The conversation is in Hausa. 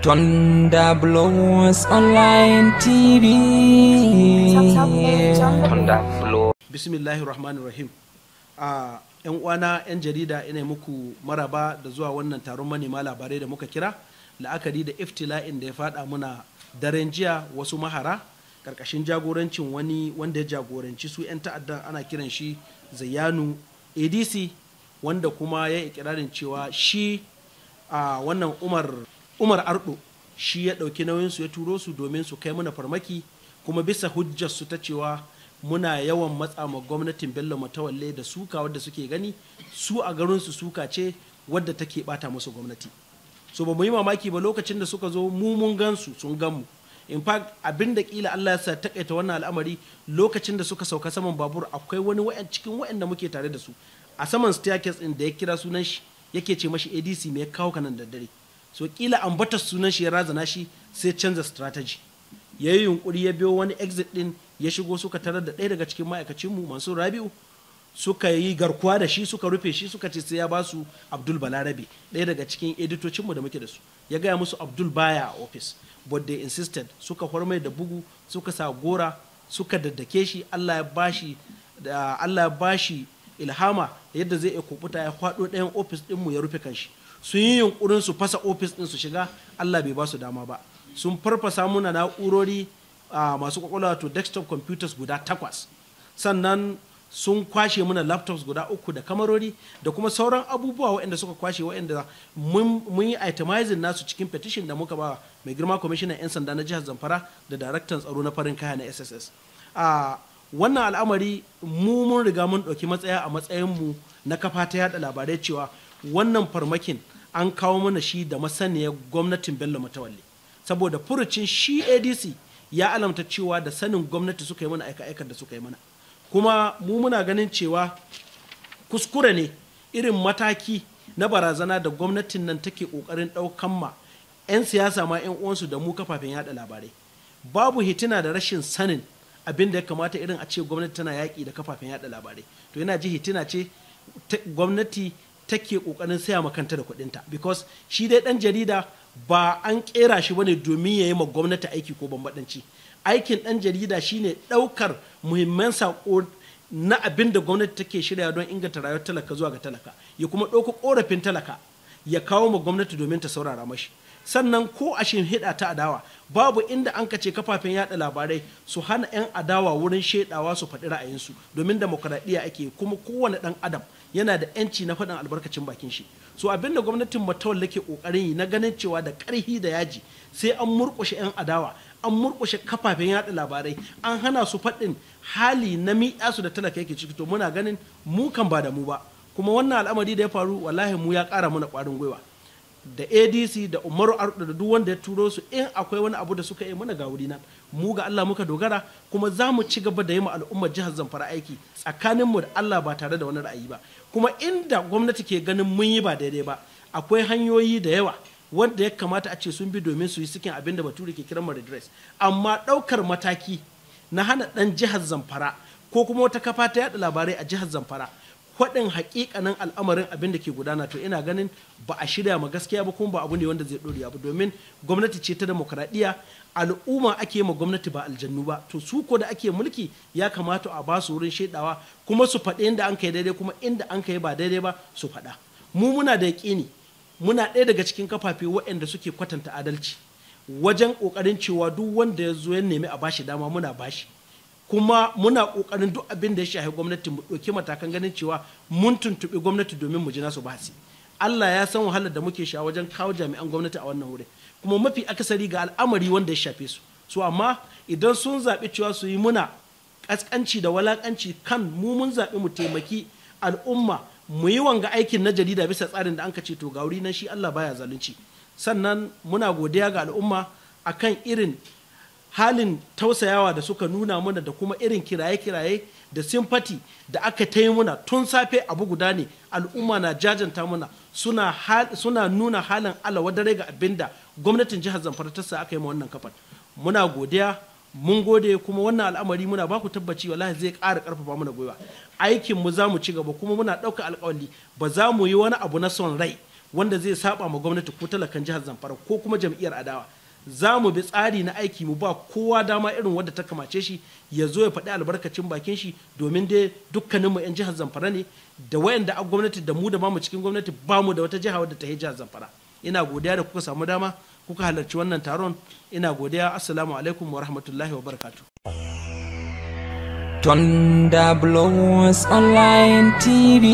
Thunder Blows Online TV. Thunder Blows. Bismillahir Rahmanir Rahim. Uh, ‘Yan uwana, ‘yan jarida ina muku maraba da zuwa wannan taron manema labarai da muka kira, la'akari da iftila'in da ya fada muna daren jiya wasu mahara, karkashin jagorancin wani wanda ya jagoranci su ‘yan ta'addan ana kiran shi Zayanu ADC, wanda kuma ya ikirarin cewa shi a ah, wannan Umar umar ardo shi ya ɗauki su ya turo su domin su kai muna farmaki kuma bisa hujjar su ta cewa muna yawan matsa ma gwamnatin bello matawalle da suka wadda suke gani su a garinsu suka ce wadda take bata musu gwamnati so ba mu yi mamaki ba lokacin da suka zo mu mun gansu sun gan mu in fact abin da kila Allah ya sa takaita wannan al'amari lokacin da suka sauka saman babur akwai wani wayan cikin wayanda muke tare da su a saman staircase din da ya kira sunan shi yake ce mashi ADC me ya kawo kanan daddare so kila ambatar sunan shi ya razana shi sai canza strategy ya yi yunkuri ya biyo wani exit din ya shigo suka tarar da ɗaya daga cikin ma'aikacin mu mansur rabi'u suka yi garkuwa da shi suka rufe shi suka ce sai ya basu abdul balarabe ɗaya daga cikin editocin mu da muke da su ya gaya musu abdul baya a office but they insisted suka mai da bugu suka sa gora suka daddake shi allah ya bashi da allah ya bashi ilhama yadda zai iya kubuta ya kwado ɗayan ofis ɗinmu ya rufe kanshi sun yi yunkurin su fasa ofis din su shiga Allah bai ba su dama ba sun farfasa muna na'urori masu kwakwalwa to desktop computers guda takwas sannan sun kwashe muna laptops guda uku da kamarori da kuma sauran abubuwa waɗanda suka kwashe waɗanda mun yi itemizing nasu cikin petition da muka ba mai girma kwamishinan 'yan sanda na jihar zamfara da daraktan tsaro na farin kaya na sss a wannan al'amari mu mun riga mun ɗauki matsaya a matsayin mu na kafa ta yada labarai cewa wannan farmakin an kawo mana shi da masaniyar gwamnatin bello matawalle saboda furucin shi adc ya alamta cewa da sanin gwamnati suka yi mana aika-aikar da suka yi mana kuma mu muna ganin cewa kuskure ne irin mataki na barazana da gwamnatin nan take kokarin ɗaukan ma 'yan siyasa ma 'yan uwansu da mu kafafen yada labarai babu hitina da rashin sanin abin da ya kamata irin a ce gwamnati tana yaƙi da kafafen yada labarai to yana ji hitina ce gwamnati take kokarin saya kanta da kuɗinta because shi dai dan jarida ba an kera shi bane domin ya yi ma gwamnati aiki ko bambaɗanci aikin dan jarida shine daukar muhimman saƙo na abin da gwamnati take shirya don inganta rayuwar talaka zuwa ga talaka ya kuma ɗauko korafin talaka ya kawo ma gwamnati domin ta saurara mashi sannan ko a hida ta adawa babu inda an kace kafafen yada labarai su hana 'yan adawa wurin shaidawa su faɗi ra'ayinsu domin demokradiyya ake kuma kowane ɗan adam yana da 'yanci na faɗin albarkacin bakin shi so abin da gwamnatin matawalla ke ƙoƙarin yi na ganin cewa da ƙarhi da yaji sai an murƙushe 'yan adawa an murƙushe kafafen yada labarai an hana su faɗin hali na miƙa su da talaka yake ciki to muna ganin mu kan ba da mu ba kuma wannan al'amari da ya faru wallahi mu ya kara mana ƙwarin gwiwa da adc da umaru arda da duk wanda ya turo su in akwai wani abu da suka yi mana ga wuri na mu ga allah muka dogara kuma za mu ci gaba da yi ma al'ummar jihar zamfara aiki tsakaninmu da allah ba tare da wani ra'ayi ba kuma inda gwamnati ke ganin mun yi ba daidai ba akwai hanyoyi da yawa wanda ya kamata a ce sun bi domin su yi sikin abin da bature ke kiran redress amma ɗaukar mataki na hana ɗan jihar zamfara ko kuma wata kafa ta yaɗa labarai a jihar zamfara kwaɗin hakikanin al'amarin abin da ke gudana to ina ganin ba a shirya ma gaskiya ba kuma ba abu ne wanda zai dore ba domin gwamnati ce ta demokradiyya al'umma ake ma gwamnati ba aljannu ba to su ko da ake mulki ya kamata a ba su wurin shaidawa kuma su faɗi inda an kai daidai kuma inda an kai ba daidai ba su faɗa mu muna da yaƙini muna ɗaya daga cikin kafafe waɗanda suke kwatanta adalci wajen ƙoƙarin cewa duk wanda ya zo ya nemi a bashi dama muna bashi kuma muna kokarin duk abin da ya shafi gwamnati mu ɗauki matakan ganin cewa mun tuntuɓi gwamnati domin mu ji nasu bahasi Allah ya san wahalar da muke sha wajen kawo jami'an gwamnati a wannan wurin kuma mafi akasari ga al'amari wanda ya shafe su su amma idan sun zaɓi cewa su yi muna ƙasƙanci da walakanci kan mu mun zaɓi mu taimaki al'umma mu yi wanga aikin na jarida bisa tsarin da anka ce to ga wuri nan shi Allah baya zalunci sannan muna godiya ga al'umma akan irin halin tausayawa da suka nuna mana da kuma irin kiraye-kiraye da simfati da aka ta yi muna tun safe abu guda ne al'umma na jajanta muna suna, nuna halin alawa dare ga abin da gwamnatin jihar zamfara ta sa aka yi wannan kafar muna godiya mun gode kuma wannan al'amari muna baku tabbaci wallahi zai ƙara ƙarfafa mana gwiwa aikin mu za mu ci gaba kuma muna ɗauka alkawali ba za mu yi wani abu na son rai wanda zai saba ma gwamnati ko talakan jihar zamfara ko kuma jam'iyyar adawa za mu bi tsari na aiki mu ba kowa dama irin wadda ta kamace shi ya zo ya faɗi albarkacin bakin shi domin dai dukkaninmu 'yan jihar zamfara ne da wayanda a gwamnati da mu da mu cikin gwamnati ba mu da wata jiha wadda ta yi jihar zamfara ina godiya da kuka samu dama kuka halarci wannan taron ina godiya assalamu alaikum wa rahmatullahi wa barakatu Tonda Blows Online TV